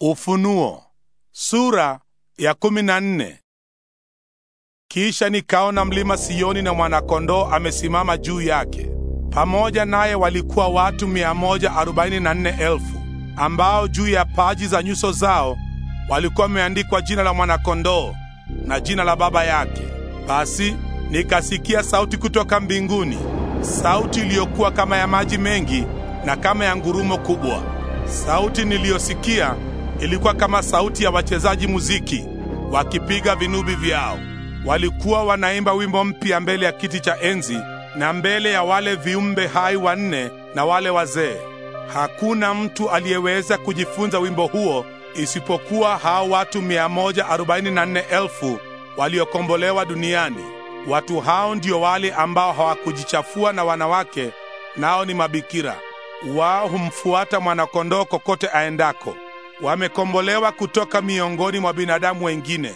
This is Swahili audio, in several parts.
Ufunuo sura ya kumi na nne. Kisha nikaona mlima Sioni na mwanakondoo amesimama juu yake. Pamoja naye walikuwa watu elfu ambao juu ya paji za nyuso zao walikuwa wameandikwa jina la mwanakondoo na jina la baba yake. Basi nikasikia sauti kutoka mbinguni, sauti iliyokuwa kama ya maji mengi na kama ya ngurumo kubwa. Sauti niliyosikia ilikuwa kama sauti ya wachezaji muziki wakipiga vinubi vyao. Walikuwa wanaimba wimbo mpya mbele ya kiti cha enzi na mbele ya wale viumbe hai wanne na wale wazee. Hakuna mtu aliyeweza kujifunza wimbo huo isipokuwa hao watu 144,000 waliokombolewa duniani. Watu hao ndio wale ambao hawakujichafua na wanawake, nao ni mabikira. Wao humfuata mwanakondoo kokote aendako wamekombolewa kutoka miongoni mwa binadamu wengine,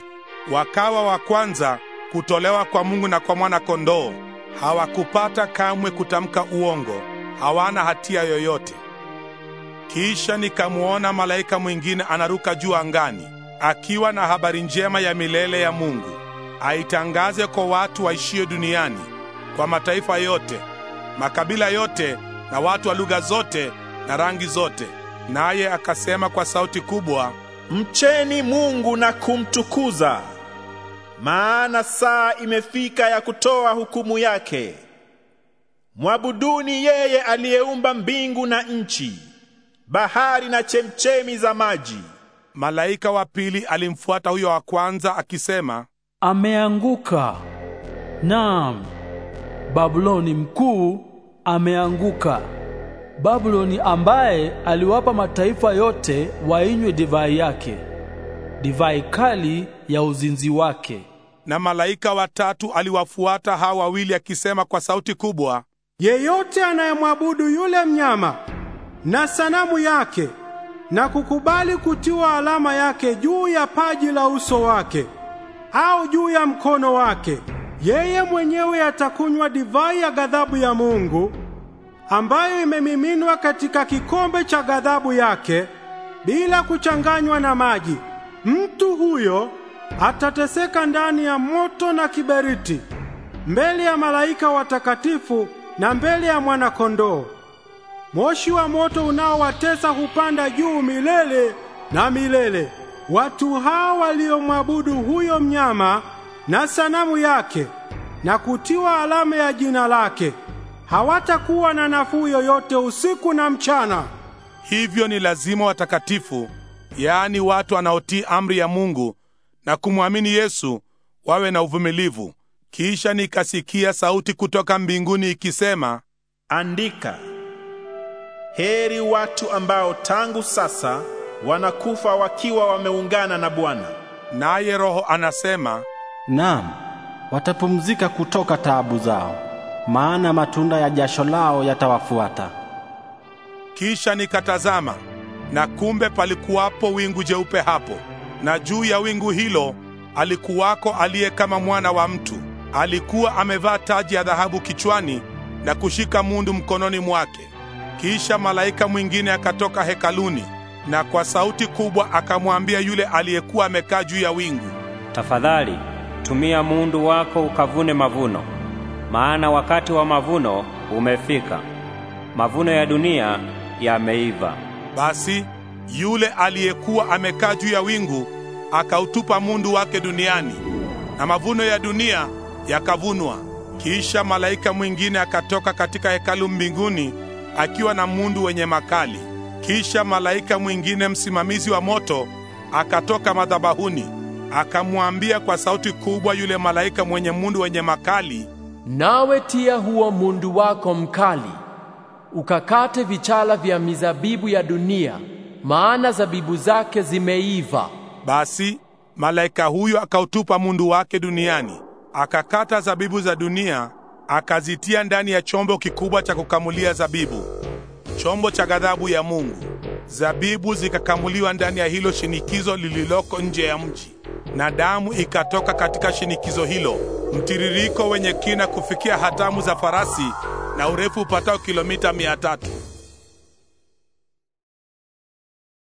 wakawa wa kwanza kutolewa kwa Mungu na kwa mwana-kondoo. Hawakupata kamwe kutamka uongo, hawana hatia yoyote. Kisha nikamwona malaika mwingine anaruka juu angani, akiwa na habari njema ya milele ya Mungu, aitangaze kwa watu waishio duniani, kwa mataifa yote, makabila yote na watu wa lugha zote na rangi zote. Naye akasema kwa sauti kubwa, mcheni Mungu na kumtukuza, maana saa imefika ya kutoa hukumu yake. Mwabuduni yeye aliyeumba mbingu na nchi, bahari na chemchemi za maji. Malaika wa pili alimfuata huyo wa kwanza akisema, ameanguka. Naam, Babuloni mkuu ameanguka. Babuloni ambaye aliwapa mataifa yote wainywe divai yake, divai kali ya uzinzi wake. Na malaika watatu aliwafuata hawa wawili akisema kwa sauti kubwa, yeyote anayemwabudu yule mnyama na sanamu yake na kukubali kutiwa alama yake juu ya paji la uso wake au juu ya mkono wake, yeye mwenyewe atakunywa divai ya ghadhabu ya Mungu ambayo imemiminwa katika kikombe cha ghadhabu yake bila kuchanganywa na maji. Mtu huyo atateseka ndani ya moto na kiberiti mbele ya malaika watakatifu na mbele ya mwanakondoo. Moshi wa moto unaowatesa hupanda juu milele na milele. Watu hao waliomwabudu huyo mnyama na sanamu yake na kutiwa alama ya jina lake hawatakuwa na nafuu yoyote usiku na mchana. Hivyo ni lazima watakatifu, yaani watu wanaotii amri ya Mungu na kumwamini Yesu, wawe na uvumilivu. Kisha nikasikia sauti kutoka mbinguni ikisema, andika, heri watu ambao tangu sasa wanakufa wakiwa wameungana na Bwana. Naye Roho anasema, naam, watapumzika kutoka taabu zao maana matunda ya jasho lao yatawafuata. Kisha nikatazama, na kumbe palikuwapo wingu jeupe hapo, na juu ya wingu hilo alikuwako aliye kama mwana wa mtu. Alikuwa amevaa taji ya dhahabu kichwani na kushika mundu mkononi mwake. Kisha malaika mwingine akatoka hekaluni na kwa sauti kubwa akamwambia yule aliyekuwa amekaa juu ya wingu, tafadhali tumia mundu wako ukavune mavuno maana wakati wa mavuno umefika. Mavuno ya dunia yameiva. Basi yule aliyekuwa amekaa juu ya wingu akautupa mundu wake duniani, na mavuno ya dunia yakavunwa. Kisha malaika mwingine akatoka katika hekalu mbinguni akiwa na mundu wenye makali. Kisha malaika mwingine msimamizi wa moto akatoka madhabahuni, akamwambia kwa sauti kubwa yule malaika mwenye mundu wenye makali Nawe tia huo mundu wako mkali, ukakate vichala vya mizabibu ya dunia, maana zabibu zake zimeiva. Basi malaika huyo akautupa mundu wake duniani, akakata zabibu za dunia, akazitia ndani ya chombo kikubwa cha kukamulia zabibu, chombo cha ghadhabu ya Mungu. Zabibu zikakamuliwa ndani ya hilo shinikizo lililoko nje ya mji na damu ikatoka katika shinikizo hilo, mtiririko wenye kina kufikia hatamu za farasi na urefu upatao kilomita mia tatu.